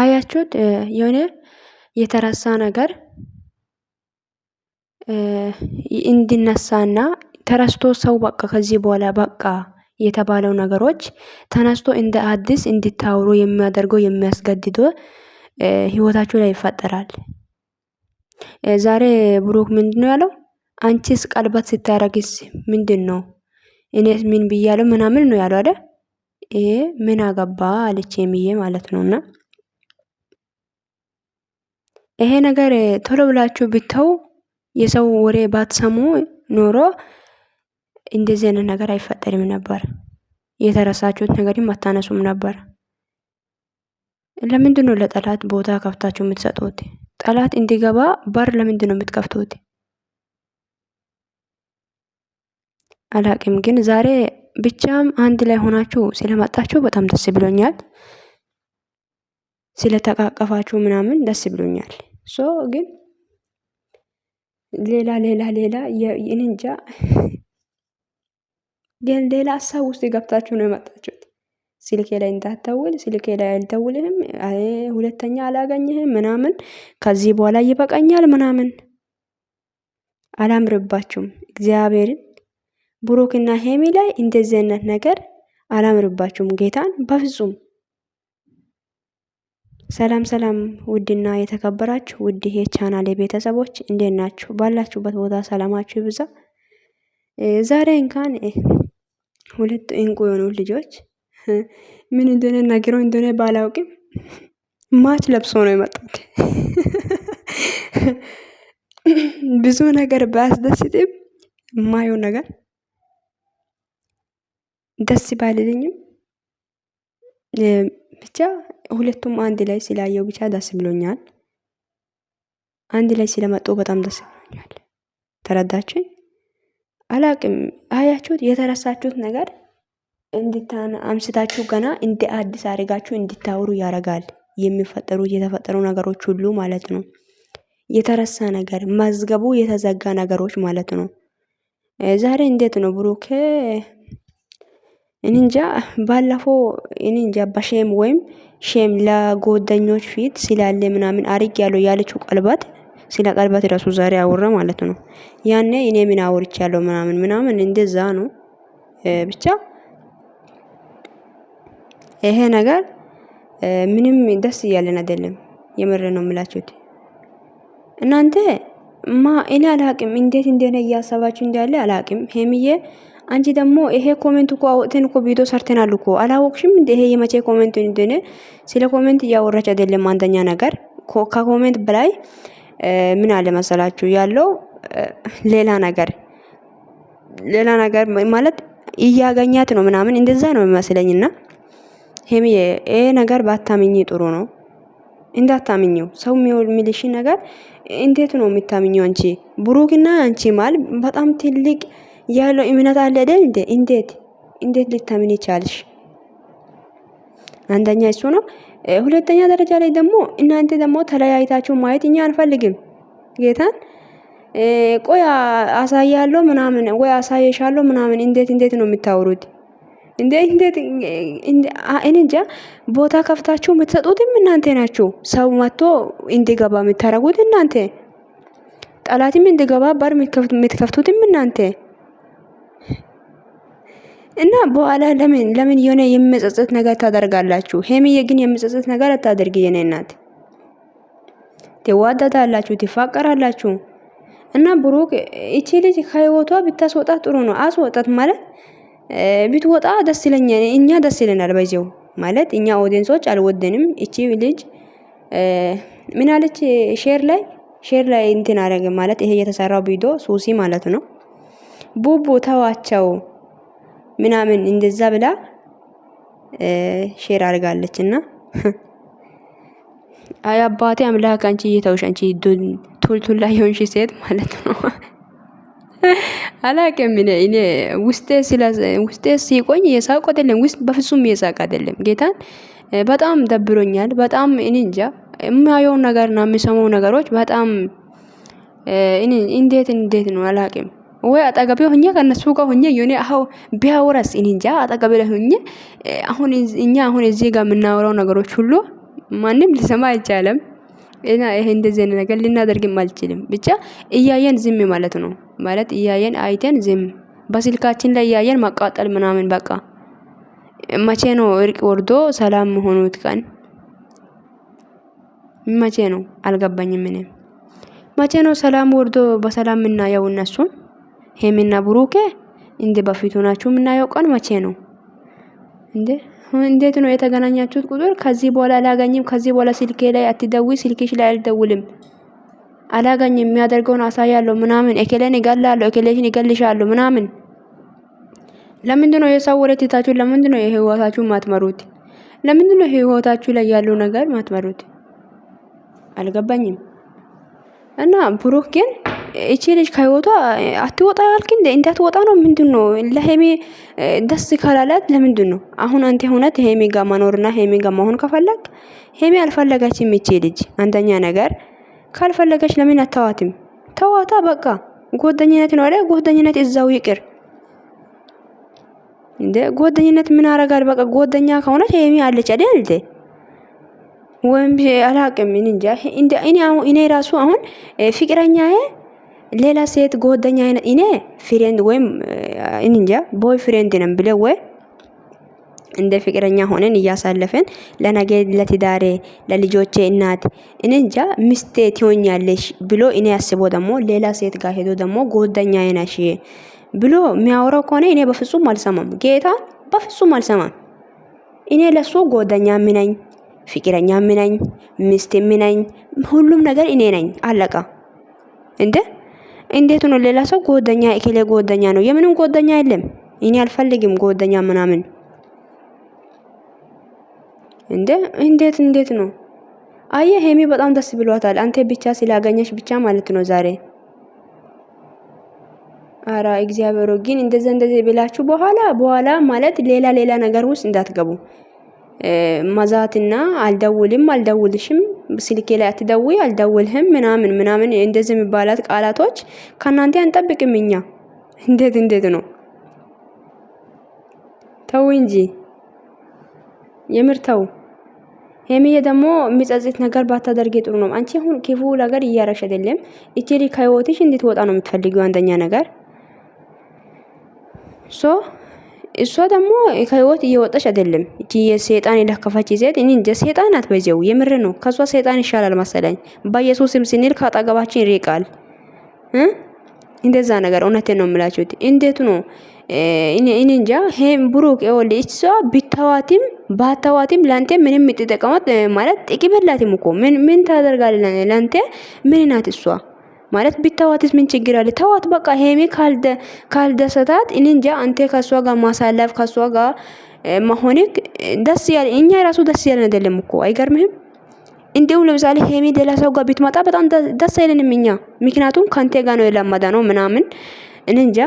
አያችሁት የሆነ የተረሳ ነገር እንዲነሳና ተረስቶ ሰው በቃ ከዚህ በኋላ በቃ የተባለው ነገሮች ተነስቶ እንደ አዲስ እንዲታውሩ የሚያደርገው የሚያስገድዶ ህይወታችሁ ላይ ይፈጠራል። ዛሬ ብሩክ ምንድን ነው ያለው? አንቺስ ቀለበት ስታረጊስ ምንድን ነው? እኔ ምን ብያለው ምናምን ነው ያለው አይደል? ይሄ ምን አገባ አለች የሚዬ ማለት ነውና ይሄ ነገር ቶሎ ብላችሁ ብተው የሰው ወሬ ባትሰሙ ኖሮ እንደዚህ አይነት ነገር አይፈጠርም ነበር። የተረሳችሁት ነገርም አታነሱም ነበር። ለምንድን ነው ለጠላት ቦታ ከፍታችሁ የምትሰጡት? ጠላት እንዲገባ በር ለምንድን ነው የምትከፍቱት? አላቅም ግን ዛሬ ብቻም አንድ ላይ ሆናችሁ ስለመጣችሁ በጣም ደስ ብሎኛል። ስለተቃቀፋችሁ ምናምን ደስ ብሎኛል። ሶ ግን ሌላ ሌላ ሌላ እንጃ ግን ሌላ ሀሳብ ውስጥ ገብታችሁ ነው የመጣችሁት። ስልኬ ላይ እንዳትደውል፣ ስልኬ ላይ አልደውልህም፣ ሁለተኛ አላገኝህም ምናምን፣ ከዚህ በኋላ ይበቃኛል ምናምን አላምርባችሁም እግዚአብሔርን ብሩክና ሄሚ ላይ እንደዚህ አይነት ነገር አላምርባችሁም ጌታን በፍጹም። ሰላም ሰላም፣ ውድና የተከበራችሁ ውድ የቻናል ቤተሰቦች እንዴት ናችሁ? ባላችሁበት ቦታ ሰላማችሁ ይብዛ። ዛሬ እንኳን ሁለቱ እንቁ የሆኑ ልጆች ምን እንደሆነ ነገረው እንደሆነ ባላውቅም ማች ለብሶ ነው የመጡት። ብዙ ነገር ባያስደስትም ማየው ነገር ደስ ባልልኝም ብቻ ሁለቱም አንድ ላይ ስላየው ብቻ ደስ ብሎኛል። አንድ ላይ ስለመጡ በጣም ደስ ብሎኛል። ተረዳችኝ? አላቅም አያችሁት፣ የተረሳችሁት ነገር እንዲታን አምስታችሁ ገና እንደ አዲስ አድርጋችሁ እንዲታወሩ ያደርጋል። የሚፈጠሩት የተፈጠሩ ነገሮች ሁሉ ማለት ነው። የተረሳ ነገር መዝገቡ የተዘጋ ነገሮች ማለት ነው። ዛሬ እንዴት ነው ብሩክ እኔንጃ ባለፈው እንጃ በሼም ወይም ሼም ለጎደኞች ፊት ስላለ ምናምን አሪግ ያለው ያለችው ቀልባት ስለ ቀልባት ራሱ ዛሬ አወራ ማለት ነው። ያኔ እኔ ምን ያለው ምናምን ምናምን እንደዛ ነው። ብቻ ይሄ ነገር ምንም ደስ እያለን አይደለም። የምር ነው የምላችሁት። እናንተ ማ እኔ አላቅም እንዴት እንደሆነ እያሰባችሁ እንዳለ አላቅም ሄምዬ አንቺ ደግሞ ይሄ ኮሜንት እኮ አውጥተን እኮ ቪዲዮ ሰርተናል እኮ አላወቅሽም እንዴ? ይሄ የመቼ ኮሜንት እንደሆነ ስለ ኮሜንት እያወራች አይደለም። አንደኛ ነገር ከኮሜንት በላይ ምን አለ መሰላችሁ ያለው ሌላ ነገር ሌላ ነገር ማለት እያገኛት ነው ምናምን እንደዛ ነው የሚመስለኝና ሄም ይሄ ነገር ባታምኝ ጥሩ ነው። እንዳታምኝው ሰው የሚልሽ ነገር እንዴት ነው የምታምኘው? አንቺ ብሩክና አንቺ ማል በጣም ትልቅ ያለው እምነት አለ አይደል እንዴ? እንዴት እንዴት ልታምን ይቻልሽ? አንደኛ እሱ ነው። ሁለተኛ ደረጃ ላይ ደግሞ እናንተ ደግሞ ተለያይታችሁ ማየት እኛ አንፈልግም። ጌታን ቆይ አሳያለሁ ምናምን ወይ አሳየሻለሁ ምናምን እንዴት እንዴት ነው የምታወሩት? እንዴ እንዴት እኔ እንጃ። ቦታ ከፍታችሁ የምትሰጡትም እናንተ ናችሁ። ሰው መጥቶ እንዲገባ የምታረጉት እናንተ፣ ጠላትም እንዲገባ በር የምትከፍቱትም እናንተ እና በኋላ ለምን ለምን የሆነ የሚጸጸት ነገር ታደርጋላችሁ? ሄሚዬ ግን የሚጸጸት ነገር አታደርጊ። የኔ እናት ትዋደዳላችሁ፣ ትፋቀራላችሁ። እና ብሩክ እቺ ልጅ ከህይወቷ ብታስወጣት ጥሩ ነው። አስወጣት ማለት ብትወጣ ደስ ይለኛል፣ እኛ ደስ ይለናል። በዚው ማለት እኛ ኦዲንሶች አልወደንም። እቺ ልጅ አለች? ሼር ላይ ሼር ላይ እንትን አረገ ማለት ይሄ የተሰራው ቪዲዮ ሱሲ ማለት ነው። ቡቡ ተዋቸው ምናምን እንደዛ ብላ ሼር አድርጋለች እና አይ አባቴ አምላክ አንቺ እየተውሽ አንቺ ቱልቱላ የሆንሽ ሴት ማለት ነው። አላቅም እኔ ውስጤ ውስጤ ሲቆኝ እየሳቁ አይደለም ውስጥ በፍጹም እየሳቅ አይደለም። ጌታን በጣም ደብሮኛል። በጣም እኔ እንጃ የማየው ነገርና የሚሰማው ነገሮች በጣም እንዴት እንዴት ነው አላቅም። ወይ አጠገቤ ሆኜ ከነሱ ጋር ሆኜ የኔ አሁ ቢያወራስ እኔ እንጃ። አጠገቤ ላይ ሆኜ አሁን እኛ አሁን እዚህ ጋር የምናወራው ነገሮች ሁሉ ማንም ሊሰማ አይቻለም። እና ይሄ እንደዚህ አይነት ነገር ልናደርግም አልችልም። ብቻ እያየን ዝም ማለት ነው ማለት እያየን አይተን ዝም በስልካችን ላይ እያየን ማቃጠል ምናምን በቃ መቼ ነው እርቅ ወርዶ ሰላም መሆኑት ቀን መቼ ነው አልገባኝም። ምንም መቼ ነው ሰላም ወርዶ በሰላም የምናየው እነሱን ሄምና ብሩኬ እንደ በፊቱ ናችሁ የምናየው ቀን መቼ ነው እንዴ? እንዴት ነው የተገናኛችሁት? ቁጥር ከዚህ በኋላ አላገኝም፣ ከዚህ በኋላ ስልኬ ላይ አትደዊ፣ ስልክሽ ላይ አልደውልም፣ አላገኝም፣ የሚያደርገውን አሳያለሁ ምናምን፣ እከሌን እገላለሁ፣ እከሌሽን እገልሻለሁ ምናምን። ለምንድ ነው የሰው ወሬ ትታችሁ ለምንድን ነው የህይወታችሁ ማትመሩት? ለምንድን ነው ህይወታችሁ ላይ ያለው ነገር ማትመሩት? አልገባኝም። እና ብሩክ ግን እቺ ልጅ ከህይወቷ አትወጣ ያልክ እንደ እንዳትወጣ ነው። ምንድን ነው ለሄሜ ደስ ካላላት ለምንድን ነው አሁን አንተ ሆነት ሄሜ ጋር መኖርና ሄሜ ጋር መሆን ከፈለግ ሄሜ አልፈለገችም። እቺ ልጅ አንደኛ ነገር ካልፈለገች ለምን አታዋትም? ተዋታ በቃ ጎደኝነት ነው አይደል? ጎደኝነት እዛው ይቅር እንደ ጎደኝነት ምን አረጋል? በቃ ጎደኛ ከሆነች ሄሜ አለች አይደል እንዴ ወይም አላቅም እንጃ። እኔ ራሱ አሁን ፍቅረኛዬ ሌላ ሴት ጓደኛ እኔ ፍሬንድ ወይም እንጃ ቦይ ፍሬንድ ነን ብለ ወይ እንደ ፍቅረኛ ሆነን እያሳለፈን ለነገ ለትዳሬ ለልጆቼ እናት እኔ እንጃ ሚስቴ ትሆኛለሽ ብሎ እኔ አስቦ ደግሞ ሌላ ሴት ጋር ሄዶ ደግሞ ጓደኛ ነሽ ብሎ የሚያወራው ከሆነ እኔ በፍጹም አልሰማም። ጌታ በፍጹም አልሰማም። እኔ ለሱ ጎደኛ ምነኝ፣ ፍቅረኛ ምነኝ፣ ሚስት ምነኝ፣ ሁሉም ነገር እኔ ነኝ። አለቃ እንዴ እንዴት ነው ሌላ ሰው ጎደኛ እከሌ ጎደኛ ነው? የምንም ጎደኛ የለም። እኔ አልፈልግም ጎደኛ ምናምን እንዴ እንዴት እንዴት ነው? አየ ሄሚ በጣም ደስ ብሏታል። አንተ ብቻ ስላገኘሽ ብቻ ማለት ነው ዛሬ። አራ እግዚአብሔር ግን እንደዛ እንደዚህ ብላችሁ በኋላ በኋላ ማለት ሌላ ሌላ ነገር ውስጥ እንዳትገቡ መዛትና አልደውልም አልደውልሽም ስልኬ ላይ አትደውይ፣ አልደውልህም ምናምን ምናምን እንደዚህ የሚባላት ቃላቶች ከእናንተ አንጠብቅም እኛ። እንዴት እንዴት ነው? ተው እንጂ የምር ተው። ሄሚዬ ደግሞ የሚጸጽት ነገር ባታደርገ ጥሩ ነው። አንቺ አሁን ክፉ ነገር እያረግሽ አይደለም። እቺ ከህይወትሽ እንድትወጣ ነው የምትፈልጊው አንደኛ ነገር ሶ እሷ ደግሞ ከህይወት እየወጣች አይደለም። እቺ የሰይጣን የዳከፈች ሴት እኔ እንደ ሰይጣን አትበጀው። የምር ነው። ከሷ ሰይጣን ይሻላል መሰለኝ። በኢየሱስም ስንል ከአጠገባችን ይርቃል። እንደዛ ነገር እውነት ነው የምላችሁት። እንዴት ነው እኔ እንጃ። ሄም ብሩክ ወል እሷ ቢታዋትም ባታዋትም ለአንተ ምንም የምትጠቀመት ማለት ጥቅም የላትም እኮ ምን ምን ታደርጋለህ? ለአንተ ምን ናት እሷ? ማለት ቢታዋትስ ምን ችግር አለ? ተዋት በቃ። ሄሜ ካልደሰታት እንንጃ። አንተ ከሷ ጋር ማሳለፍ ከሷ ጋር መሆንክ ደስ ያለ እኛ ራሱ ደስ ያለን አይደለም እኮ አይገርምህም? እንዲሁም ለምሳሌ ሄሜ ሌላ ሰው ጋር ቢትመጣ በጣም ደስ አይለንም እኛ። ምክንያቱም ከአንተ ጋር ነው የለመደ ነው ምናምን እንንጃ።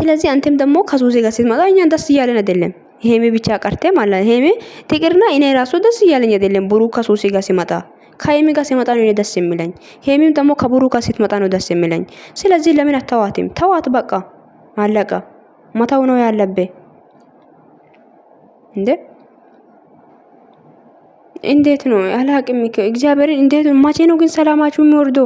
ስለዚህ አንተም ደግሞ ከሱሴ ጋር ስትመጣ እኛ ደስ እያለን አይደለም። ሄሜ ብቻ ቀርቴ ማለት ሄሜ ትቅርና እኔ ራሱ ደስ እያለኝ አይደለም ብሩ ከሱሴ ጋር ሲመጣ ከሄሚ ጋር ሲመጣ ነው ደስ የሚለኝ። ሄሚም ደግሞ ከቡሩ ጋር ስትመጣ ነው ደስ የሚለኝ። ስለዚህ ለምን አተዋትም? ተዋት፣ በቃ አለቀ። መተው ነው ያለበ እንዴ እንዴት ነው አላቅም። እግዚአብሔርን እንዴት መቼ ነው ግን ሰላማችሁ የሚወርዶ?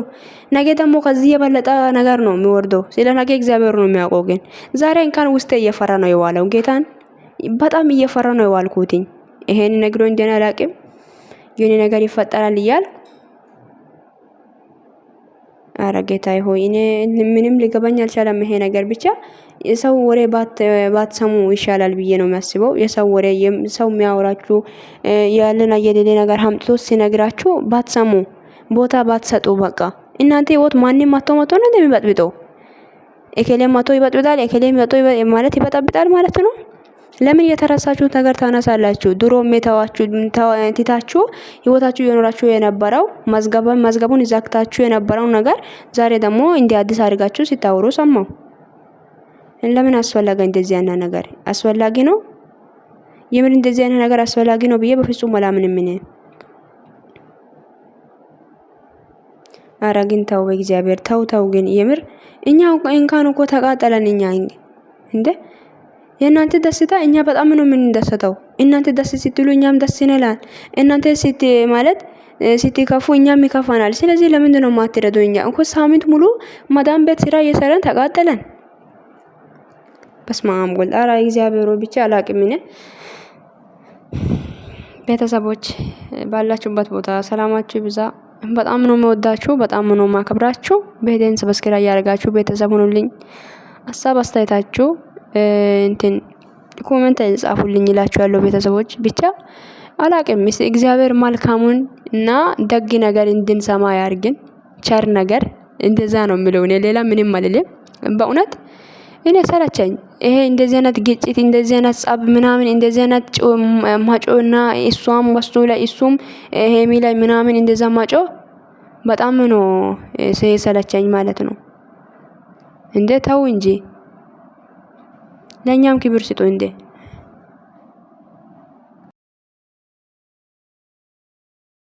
ነገ ደግሞ ከዚህ የበለጠ ነገር ነው የሚወርዶ። ስለ ነገ እግዚአብሔር ነው የሚያውቀው። ግን ዛሬ እንኳን ውስጤ እየፈራ ነው የዋለው። ጌታን በጣም እየፈራ ነው የዋልኩትኝ። ይሄን ነግሮ እንደን አላቅም። የሆነ ነገር ይፈጠራል እያልኩ አረ ጌታ ሆይ እኔ ምንም ሊገባኝ አልቻለም። ይሄ ነገር ብቻ የሰው ወሬ ባትሰሙ ይሻላል ብዬ ነው የሚያስበው። የሰው ወሬ ሰው የሚያወራችሁ ያለና የሌለ ነገር ሀምጥቶ ሲነግራችሁ ባትሰሙ፣ ቦታ ባትሰጡ፣ በቃ እናንተ ህይወት ማንም ማቶ መቶ ነው እንደሚበጥብጠው። ኤኬሌ መቶ ይበጥብጣል፣ ኤኬሌ መቶ ማለት ይበጠብጣል ማለት ነው። ለምን የተረሳችሁ ነገር ታነሳላችሁ? ድሮም የተዋችሁ ትታችሁ ህይወታችሁ እየኖራችሁ የነበረው መዝገቡን መዝገቡን ይዛክታችሁ የነበረው ነገር ዛሬ ደግሞ እንዲህ አዲስ አድርጋችሁ ሲታወሩ ሰማው። ለምን አስፈላጊ እንደዚህ ያና ነገር አስፈላጊ ነው? የምን እንደዚህ ያና ነገር አስፈላጊ ነው ብዬ በፍጹም አላምንም። ምን ኧረ ግን ተው፣ በእግዚአብሔር ተው ተው። ግን የምር እኛ እንኳን እኮ ተቃጠለን እኛ እንዴ የእናንተ ደስታ እኛ በጣም ነው የምንደሰተው። እናንተ ደስ ስትሉ እኛም ደስ ይላል። እናንተ ስት ማለት ስትከፉ እኛም ይከፋናል። ስለዚህ ለምንድን ነው የማትረዱኝ? እኛ ሳምንት ሙሉ ማዳም ቤት ስራ እየሰረን ተቃጠለን። በስመ አብ አራ እግዚአብሔር ብቻ አላቅም። ቤተሰቦች ባላችሁበት ቦታ ሰላማችሁ ይብዛ። በጣም ነው መወዳችሁ፣ በጣም ነው ማከብራችሁ። በሄደን ሰብስክራይብ ያደርጋችሁ ቤተሰብ ሁኑልኝ። ሀሳብ አስተያየታችሁ እንትን ኮመንት ጻፉልኝ እላችኋለሁ። ቤተሰቦች ብቻ አላቅም። እስቲ እግዚአብሔር መልካሙን እና ደግ ነገር እንድንሰማ ያርግን። ቸር ነገር እንደዛ ነው የሚለው። እኔ ሌላ ምንም አልልም። በእውነት እኔ ሰለቸኝ። ይሄ እንደዚህ አይነት ግጭት፣ እንደዚህ አይነት ጸብ ምናምን፣ እንደዚህ አይነት ማጮና እሷም ወስዶ ላይ እሱም ሄሚ ላይ ምናምን እንደዛ ማጮ በጣም ነው ሰለቸኝ ማለት ነው። እንዴ ተው እንጂ ለእኛም ክብር ስጡ እንዴ!